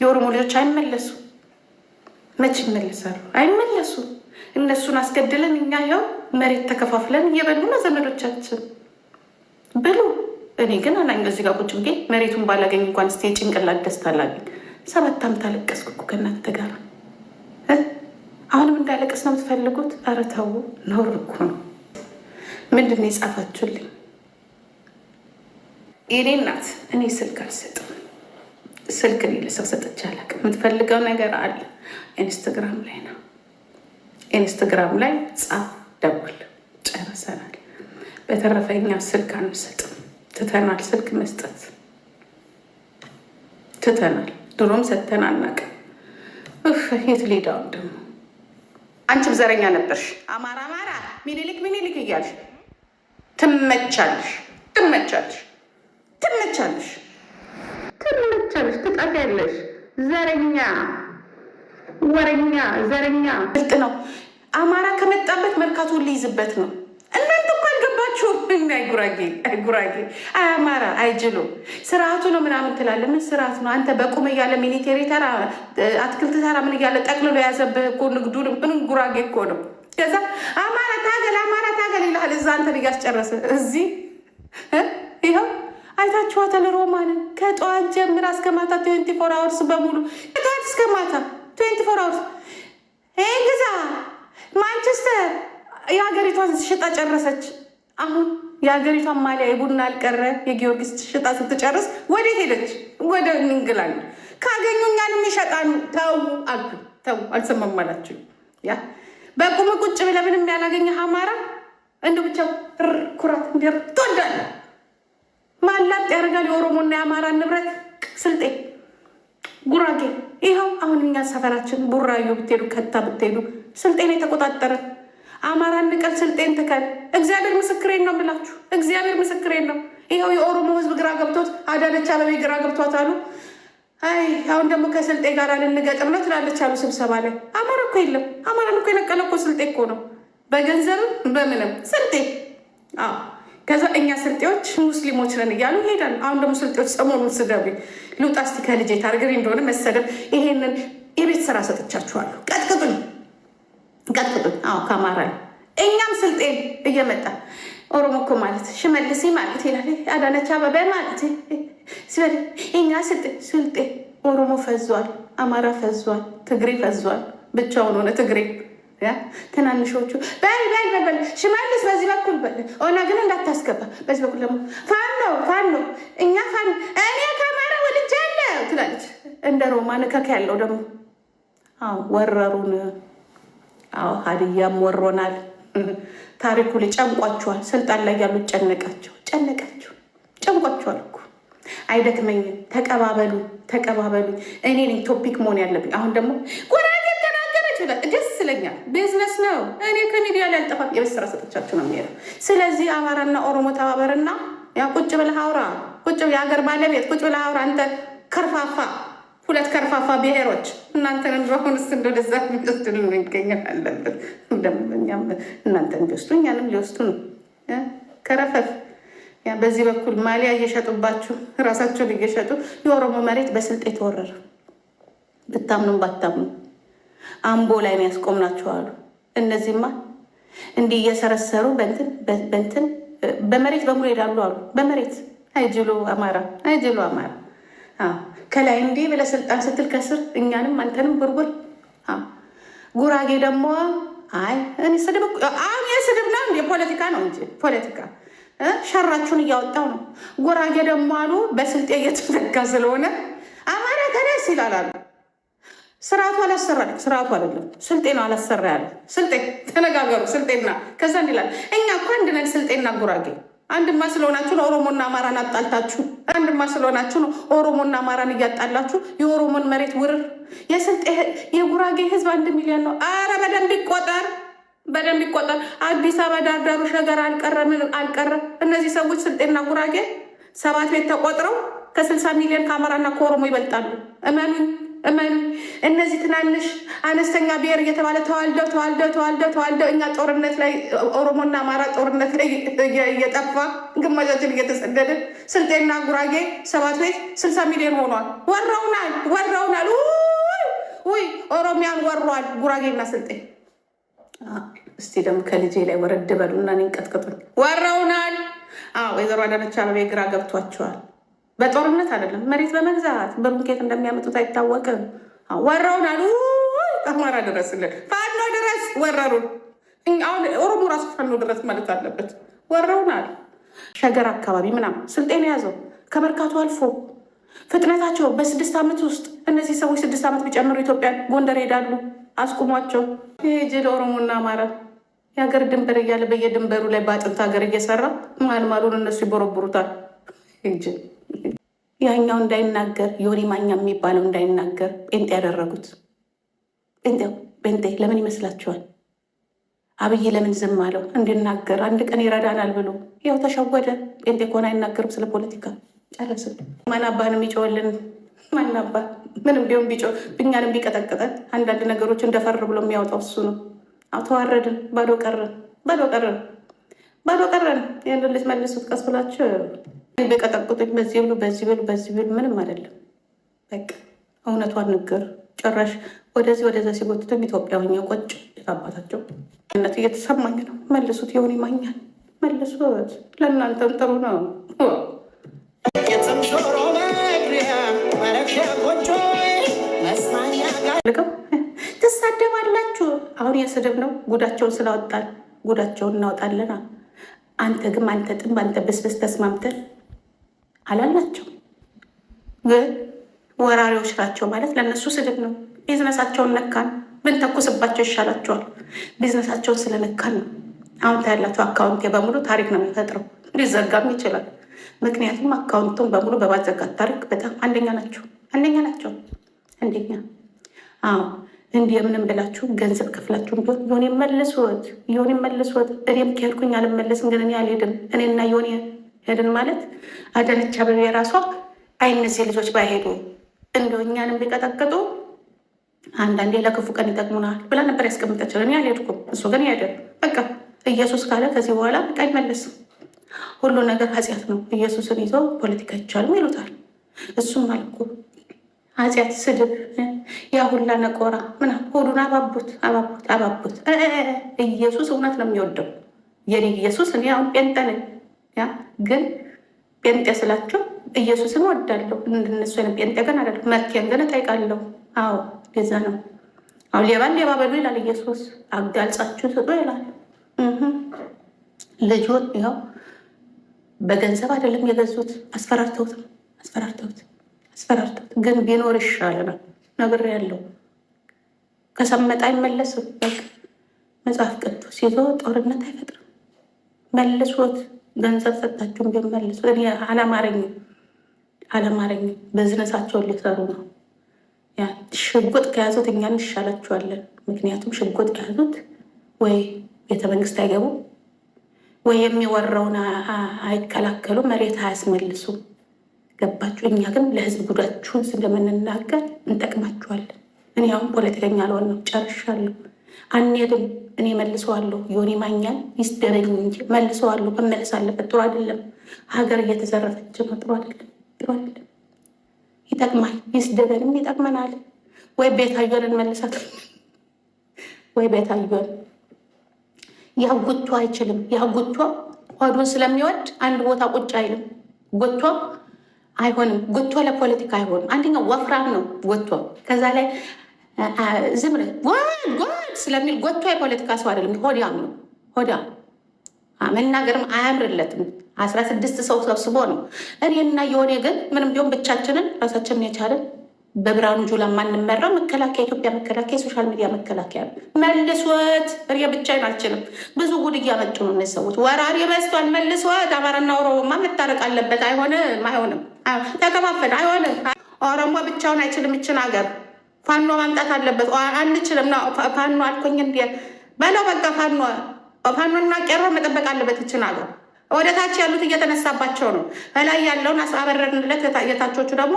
የኦሮሞ ልጆች አይመለሱ፣ መች ይመለሳሉ? አይመለሱ። እነሱን አስገድለን እኛ ያው መሬት ተከፋፍለን እየበሉ ነው ዘመዶቻችን ብሉ። እኔ ግን አላኝ በዚህ ጋር ቁጭ ብዬ መሬቱን ባላገኝ እንኳን ስ የጭንቅላት ደስታ አላገኝ። ሰባት ዓመት አለቀስኩ እኮ ከእናንተ ጋር። አሁንም እንዳለቀስ ነው የምትፈልጉት? ኧረ ተው፣ ኖር እኮ ነው። ምንድን ነው የጻፋችሁልኝ? የኔ እናት እኔ ስልክ አልሰጥም። ስልክ እኔ ለሰው ሰጥቼ አላውቅም። የምትፈልገው ነገር አለ ኢንስትግራም ላይ ነው። ኢንስትግራም ላይ ጻፍ፣ ደውል። ጨርሰናል። በተረፈ እኛ ስልክ አንሰጥም፣ ትተናል። ስልክ መስጠት ትተናል። ድሮም ሰጥተን አናውቅም። የት ሌዳውን ደግሞ አንቺም ዘረኛ ነበርሽ። አማራ አማራ ሚኒሊክ ሚኒሊክ እያልሽ ትመቻለሽ፣ ትመቻለሽ፣ ትመቻለሽ። ትመቻለሽ፣ ትጠፊያለሽ። ዘረኛ ወረኛ፣ ዘረኛ ብልጥ ነው። አማራ ከመጣበት መርካቶ ሊይዝበት ነው። እናንተ እኮ አልገባችሁም። አይጉራጌ፣ አይጉራጌ፣ አይ አማራ፣ አይጅሎ ጅሎ ስርዓቱ ነው ምናምን ትላለህ። ምን ስርዓት ነው አንተ? በቁም እያለ ሚሊቴሪ ተራ፣ አትክልት ተራ፣ ምን እያለ ጠቅልሎ የያዘብህ እኮ ንግዱ፣ ምን ጉራጌ እኮ ነው። ከዛ አማራ ታገል፣ አማራ ታገል ይልሃል። እዛ አንተን እያስጨረሰ እዚህ ይኸው አይታችኋታል። ሮማንን ከጠዋት ጀምር እስከ ማታ ትዌንቲ ፎር አወርስ በሙሉ ከጠዋት እስከ ማታ ትዌንቲ ፎር አወርስ ይህን ማንቸስተር የሀገሪቷን ሽጣ ጨረሰች። አሁን የሀገሪቷን ማሊያ የቡና አልቀረ የጊዮርጊስ ሽጣ ስትጨርስ ወዴት ሄደች? ወደ እንግላንድ። ካገኙኛንም ይሸጣሉ። ተው አልኩ። ተው አልሰማም አላችሁ። ያ በቁም ቁጭ ብለህ ምንም ያላገኘህ አማራ እንደ ብቻው ኩራት እንዲ ትወዳለህ ማላጥ ያደርጋል። የኦሮሞና የአማራ ንብረት ስልጤ፣ ጉራጌ ይኸው አሁን እኛ ሰፈራችን ቡራዮ ብትሄዱ ከታ ብትሄዱ ስልጤን የተቆጣጠረ አማራን ንቀል ስልጤን ትከል። እግዚአብሔር ምስክሬን ነው ብላችሁ እግዚአብሔር ምስክሬን ነው። ይኸው የኦሮሞ ህዝብ ግራ ገብቶት አዳነች አበቤ ግራ ገብቷት አሉ። አይ አሁን ደግሞ ከስልጤ ጋር ልንገጥም ነው ትላለች አሉ ስብሰባ ላይ። አማራ እኮ የለም። አማራን እኮ የነቀለ እኮ ስልጤ እኮ ነው፣ በገንዘብም በምንም ስልጤ ከዛ እኛ ስልጤዎች ሙስሊሞች ነን እያሉ ይሄዳል። አሁን ደግሞ ስልጤዎች ሰሞኑን ስደቢ ልውጣ እስቲ ከልጄ ታርገሪ እንደሆነ መሰደብ ይሄንን የቤት ስራ ሰጥቻችኋለሁ። ቀጥቅጡኝ፣ ቀጥቅጡኝ። አዎ ከአማራ እኛም ስልጤ እየመጣ ኦሮሞ እኮ ማለት ሽመልሴ ማለት ይላል፣ አዳነች አበበ ማለት ሲበል እኛ ስልጤ ስልጤ ኦሮሞ ፈዟል፣ አማራ ፈዟል፣ ትግሬ ፈዟል። ብቻውን ሆነ ትግሬ ትናንሾቹ በል በል በል ሽመልስ በዚህ በኩል በል ኦና ግን እንዳታስገባ በዚህ በኩል ደግሞ ፋኖ ፋኖ እኛ ፋኖ እኔ ከአማራ ወልጅ ያለ ትላለች። እንደ ሮማ ንከክ ያለው ደግሞ አዎ ወረሩን። አዎ ሀዲያም ወሮናል። ታሪኩ ላይ ጨንቋችኋል። ስልጣን ላይ ያሉ ጨነቃቸው ጨነቃቸው ጨንቋችኋል እኮ አይደክመኝም። ተቀባበሉ ተቀባበሉ። እኔ ቶፒክ መሆን ያለብኝ አሁን ደግሞ ጉራጌ ተናገረች ይመስለኛል። ቢዝነስ ነው። እኔ ከሚዲያ ላይ አልጠፋም። የበስራ ስራ ሰጥቻችሁ ነው የሚሄደው። ስለዚህ አማራና ኦሮሞ ተባበርና ያ ቁጭ ብለህ አውራ፣ ቁጭ የሀገር ባለቤት ቁጭ ብለህ አውራ። አንተ ከርፋፋ፣ ሁለት ከርፋፋ ብሔሮች እናንተን በሆን ስ እንደደዛ ሚወስድል ይገኛል አለበት። እንደምኛም እናንተን ቢወስዱ እኛንም ሊወስዱ ነው። ከረፈፍ በዚህ በኩል ማሊያ እየሸጡባችሁ ራሳቸውን እየሸጡ የኦሮሞ መሬት በስልጤ ተወረረ ብታምኑም ባታምኑ አምቦ ላይ ናቸው አሉ። እነዚህማ እንዲህ እየሰረሰሩ በንትን በመሬት በሙሉ ሄዳሉ አሉ። በመሬት አይጅሎ አማራ አይጅሎ አማራ ከላይ እንዲህ ብለህ ስልጣን ስትል ከስር እኛንም አንተንም ጉርጉር። ጉራጌ ደግሞ አይ እኔ ስድብ አሁን የስድብ ነው ፖለቲካ ነው እንጂ ፖለቲካ ሸራችሁን እያወጣው ነው። ጉራጌ ደግሞ አሉ በስልጤ እየተተካ ስለሆነ አማራ ተነስ ይላላሉ። ስርዓቱ አላሰራ ስርዓቱ አይደለም ስልጤ ነው አላሰራ ያለ ስልጤ ተነጋገሩ ስልጤና ከዛ ይላል እኛ እኮ አንድ ነን ስልጤና ጉራጌ አንድማ ስለሆናችሁ ነው ኦሮሞና አማራን አጣልታችሁ አንድማ ስለሆናችሁ ነው ኦሮሞና አማራን እያጣላችሁ የኦሮሞን መሬት ውርር የስልጤ የጉራጌ ህዝብ አንድ ሚሊዮን ነው አረ በደንብ ይቆጠር በደንብ ይቆጠር አዲስ አበባ ዳርዳሩ ሸገር አልቀረም አልቀረ እነዚህ ሰዎች ስልጤና ጉራጌ ሰባት ቤት ተቆጥረው ከስልሳ ሚሊዮን ከአማራና ከኦሮሞ ይበልጣሉ እመኑን እመኑ። እነዚህ ትናንሽ አነስተኛ ብሔር እየተባለ ተዋልደው ተዋልደው ተዋልደው ተዋልደው እኛ ጦርነት ላይ ኦሮሞና አማራ ጦርነት ላይ እየጠፋ ግማቻችን እየተሰደድን ስልጤና ጉራጌ ሰባት ቤት ስልሳ ሚሊዮን ሆኗል። ወረውናል፣ ወረውናል። ውይ ኦሮሚያን ወሯል ጉራጌና ስልጤ። እስቲ ደግሞ ከልጄ ላይ ወረድ በሉና እኔን ቀጥቀጡኝ። ወረውናል። ወይዘሮ አዳነች አቤቤ ግራ ገብቷቸዋል። በጦርነት አይደለም፣ መሬት በመግዛት በምኬት እንደሚያመጡት አይታወቅም። ወረውን አሉ አማራ ድረስልን፣ ፋኖ ድረስ ወረሩን። አሁን ኦሮሞ ራሱ ፋኖ ድረስ ማለት አለበት። ወረውን አሉ ሸገር አካባቢ ምናምን ስልጤን የያዘው ከመርካቶ አልፎ ፍጥነታቸው በስድስት ዓመት ውስጥ እነዚህ ሰዎች ስድስት ዓመት ቢጨምሩ ኢትዮጵያን ጎንደር ይሄዳሉ። አስቁሟቸው። ይህ ጅል ኦሮሞና አማራ የሀገር ድንበር እያለ በየድንበሩ ላይ በአጥንት ሀገር እየሰራ ማልማሉን እነሱ ይቦረቡሩታል። ሄጅ ያኛው እንዳይናገር ዮኒ ማኛ የሚባለው እንዳይናገር ጴንጤ ያደረጉት። ጴንጤው ጴንጤ ለምን ይመስላችኋል? አብይ ለምን ዝም አለው? እንድናገር አንድ ቀን ይረዳናል ብሎ ያው ተሸወደ። ጴንጤ ከሆነ አይናገርም ስለ ፖለቲካ ጨረስ። ማናባንም የሚጮወልን ማናባ ምንም ቢሆን ቢጮ ብኛንም ቢቀጠቅጠን አንዳንድ ነገሮች እንደፈር ብሎ የሚያወጣው እሱ ነው። ተዋረድን፣ ባዶ ቀረን፣ ባዶ ቀረን፣ ባዶ ቀረን። ይህን ልጅ መልሱት ቀስ ብላችሁ በቀጠቅጡኝ በዚህ ብሎ በዚህ ብሎ በዚህ ብሎ ምንም አይደለም። በቃ እውነቷን ንገር። ጭራሽ ወደዚህ ወደዛ ሲጎትትም ኢትዮጵያ ሆኛ ቆጭ አባታቸው ነት እየተሰማኝ ነው። መልሱት፣ የሆን ይማኛል መልሱት። ለእናንተም ጥሩ ነው። ትሳደባላችሁ። አሁን የስድብ ነው። ጉዳቸውን ስላወጣል ጉዳቸውን እናወጣለና አንተ ግን አንተ ጥንብ አንተ ብስብስ ተስማምተን አላላቸው ግን ወራሪዎች ናቸው ማለት ለእነሱ ስድብ ነው። ቢዝነሳቸውን ነካን ምን ተኩስባቸው ይሻላቸዋል። ቢዝነሳቸውን ስለነካን ነው። አሁን ታያላቸው አካውንት በሙሉ ታሪክ ነው የሚፈጥረው፣ ሊዘጋም ይችላል። ምክንያቱም አካውንቱን በሙሉ በማዘጋት ታሪክ በጣም አንደኛ ናቸው፣ አንደኛ ናቸው፣ አንደኛ አዎ። እንዲህ የምንም ብላችሁ ገንዘብ ከፍላችሁ ቢሆን ዮኒ መልስ ወት ዮኒ መልስ ወት እኔም ከሄድኩኝ አልመለስም፣ ግን እኔ አልሄድም እኔና ዮኒ ሄድን ማለት አዳነች አቤቤ ራሷ አይ እነዚህ ልጆች ባይሄዱ እንደው እኛንም ቢቀጠቅጡ አንዳንዴ ለክፉ ቀን ይጠቅሙናል ብላ ነበር ያስቀምጠችው። እኔ አልሄድኩም፣ እሱ ግን ያደር በቃ ኢየሱስ ካለ ከዚህ በኋላ በቃ አይመለስም። ሁሉ ነገር ኃጢአት ነው። ኢየሱስን ይዞ ፖለቲካ ይቻሉ ይሉታል። እሱም አልኩ ኃጢአት፣ ስድብ፣ ያ ሁላ ነቆራ ምናምን ሆዱን አባቡት አባቡት አባቡት። ኢየሱስ እውነት ነው የሚወደው የኔ ኢየሱስ። እኔ አሁን ጴንጤ ነኝ ያ ግን ጴንጤ ስላቸው ኢየሱስን ወዳለሁ እንድነሱ አይነት ጴንጤ ግን አለ መርቴን ግን እጠይቃለሁ። አዎ ገዛ ነው። አሁ ሌባ ሌባ በሉ ይላል ኢየሱስ። አጋልጻችሁ ስጡ ይላል። ልጁን ይኸው በገንዘብ አይደለም የገዙት፣ አስፈራርተውት አስፈራርተውት አስፈራርተውት ግን ቢኖር ይሻል ነው ነገር ያለው ከሰመጣ አይመለስም። መጽሐፍ ቅዱስ ይዞ ጦርነት አይፈጥርም። መልሶት ገንዘብ ሰጣችሁን ግን መልሱ። እኔ አላማረኝም አላማረኝም። በዝነሳቸውን ሊሰሩ ነው። ሽጉጥ ከያዙት እኛ እንሻላችኋለን። ምክንያቱም ሽጉጥ ከያዙት ወይ ቤተ መንግስት አይገቡ ወይ የሚወራውን አይከላከሉ፣ መሬት አያስመልሱ። ገባችሁ? እኛ ግን ለህዝብ ጉዳችሁን ስለምንናገር እንጠቅማችኋለን። እኔ አሁን ፖለቲከኛ አልሆንም፣ ጨርሻለሁ። አንሄድም እኔ መልሰዋለሁ። ዮኒ ማኛል ይስደበኝ እንጂ መልሰዋለሁ። መመለስ አለበት። ጥሩ አይደለም። ሀገር እየተዘረፈች ነው። ጥሩ አይደለም። ጥሩ አይደለም። ይጠቅማል። ይስደበንም ይጠቅመናል። ወይ ቤታዮን እንመልሳት፣ ወይ ቤታዮን ያጎቷ አይችልም። ያጎቷ ሆዱን ስለሚወድ አንድ ቦታ ቁጭ አይልም። ጎቷ አይሆንም። ጎቷ ለፖለቲካ አይሆንም። አንደኛው ወፍራም ነው ጎቷ ከዛ ላይ ዝም ብለህ ጎድ ጎድ ስለሚል ጎቶ የፖለቲካ ሰው አይደለም። ሆዲያም ነው ሆዲያም መናገርም አያምርለትም። አስራ ስድስት ሰው ሰብስቦ ነው። እኔ እና የሆኔ ግን ምንም ቢሆን ብቻችንን ራሳችንን የቻለን በብርሃኑ ጁላ የማንመራው መከላከያ ኢትዮጵያ መከላከያ የሶሻል ሚዲያ መከላከያ መልሶት እኔ ብቻዬን አልችልም። ብዙ ጉድ እያመጡ ነው እነዚህ ሰዎች። ወራሪ በዝቷል። መልሶት አማራና ኦሮሞማ መታረቅ አለበት። አይሆንም፣ አይሆንም፣ ተከፋፈል፣ አይሆንም። ኦሮሞ ብቻውን አይችልም ይችን ሀገር ፋኖ ማምጣት አለበት። አንችልም ነው ፋኖ አልኮኝ እንዲ በለው በቃ ፋኖ ፋኖና ቄሮ መጠበቅ አለበት። ይችን አገር ወደ ታች ያሉት እየተነሳባቸው ነው። እላይ ያለውን አስበረድንለት። የታቾቹ ደግሞ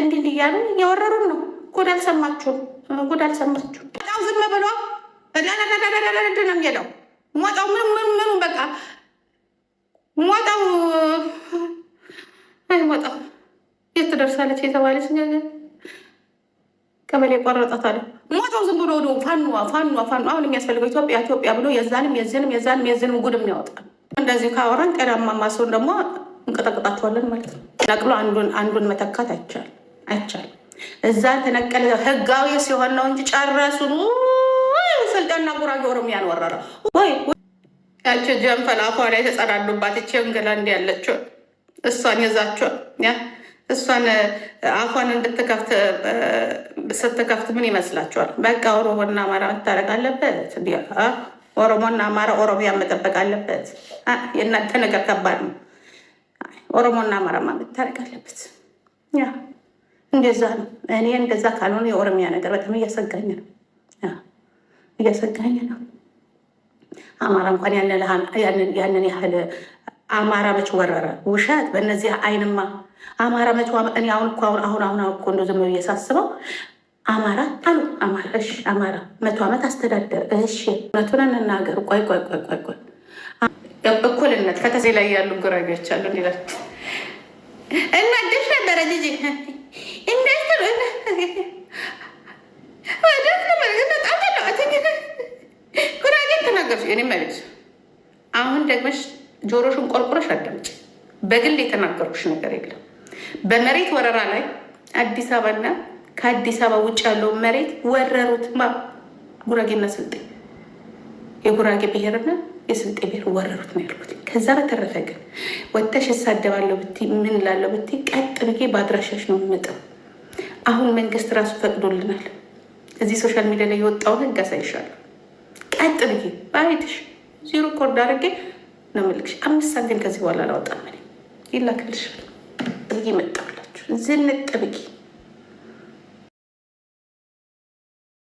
እንዲህ እንዲህ እያሉ እየወረሩን ነው። ጉድ አልሰማችሁም? ጉድ አልሰማችሁም? ጣው ዝም ብሎ ዳዳዳዳዳዳድ ነው የሚለው ሞጣው ምን ምን ምን በቃ ሞጣው ሞጣው የት ትደርሳለች የተባለች ነገር ቀበሌ ቆረጠታል። አለ ሞተው ዝም ብሎ ወደ ፋኗ ፋኗ ፋኗ አሁን የሚያስፈልገው ኢትዮጵያ ኢትዮጵያ ብሎ የዛንም የዝንም የዛንም የዝንም ጉድም ያወጣል። እንደዚህ ካወራን ጤናማማ ሰውን ደግሞ እንቀጠቅጣቸዋለን ማለት ነው። ነቅሎ አንዱን አንዱን መተካት አይቻል አይቻል። እዛ ተነቀለ ህጋዊ ሲሆን ነው እንጂ ጨረሱን። ስልጠና ጉራጌ ኦሮሚያን ወረረ ወይ ያቸው ጀንፈላፏ ላይ ተጸዳሉባት። ይቺ እንግላንድ ያለችው እሷን የዛቸው ያ እሷን አፏን እንድትከፍት ስትከፍት ምን ይመስላችኋል? በቃ ኦሮሞና አማራ መታረቅ አለበት። ኦሮሞና አማራ ኦሮሚያ መጠበቅ አለበት። የእናንተ ነገር ከባድ ነው። ኦሮሞና አማራ መታረቅ አለበት። ያ እንደዛ ነው። እኔ እንደዛ ካልሆነ የኦሮሚያ ነገር በጣም እያሰጋኝ ነው እያሰጋኝ ነው። አማራ እንኳን ያንን ያህል አማራ መች ወረረ? ውሸት በእነዚህ አይንማ አማራ መች እኔ አሁን እኮ አሁን አሁን አሁን እኮ እንደው ዝም ብዬ አማራ አሉ አማራ እሺ፣ አማራ መቶ ዓመት አስተዳደር እሺ፣ እውነቱን እንናገር። ቆይ ቆይ ቆይ ቆይ ቆይ እኩልነት ከተዜ ላይ ያሉ ጉራጌዎች አሉ እና ደሽ ነበረ ጅ እንዴት በጣም ጉራጌ ተናገርሽ። እኔ መቤት አሁን ደግመሽ ጆሮሽን ቆርቁረሽ አዳምጭ። በግል የተናገርኩሽ ነገር የለም። በመሬት ወረራ ላይ አዲስ አበባና ከአዲስ አበባ ውጭ ያለውን መሬት ወረሩት። ማ ጉራጌና ስልጤ የጉራጌ ብሔርና የስልጤ ብሔር ወረሩት ነው ያልኩት። ከዛ በተረፈ ግን ወተሽ እሳደባለሁ ብትይ ምን ላለው ብቲ ቀጥ ብዬ በአድራሻሽ ነው የምመጣው። አሁን መንግስት ራሱ ፈቅዶልናል። እዚህ ሶሻል ሚዲያ ላይ የወጣውን ህግ አሳይሻለሁ። ቀጥ ብዬ ባይትሽ ዚሮ ኮርድ አድርጌ ነው የምልክሽ። አምስት ሳንቲም ከዚህ በኋላ ላወጣ ይላክልሽ ብዬ መጣሁላችሁ። ዝንጥ ብዬ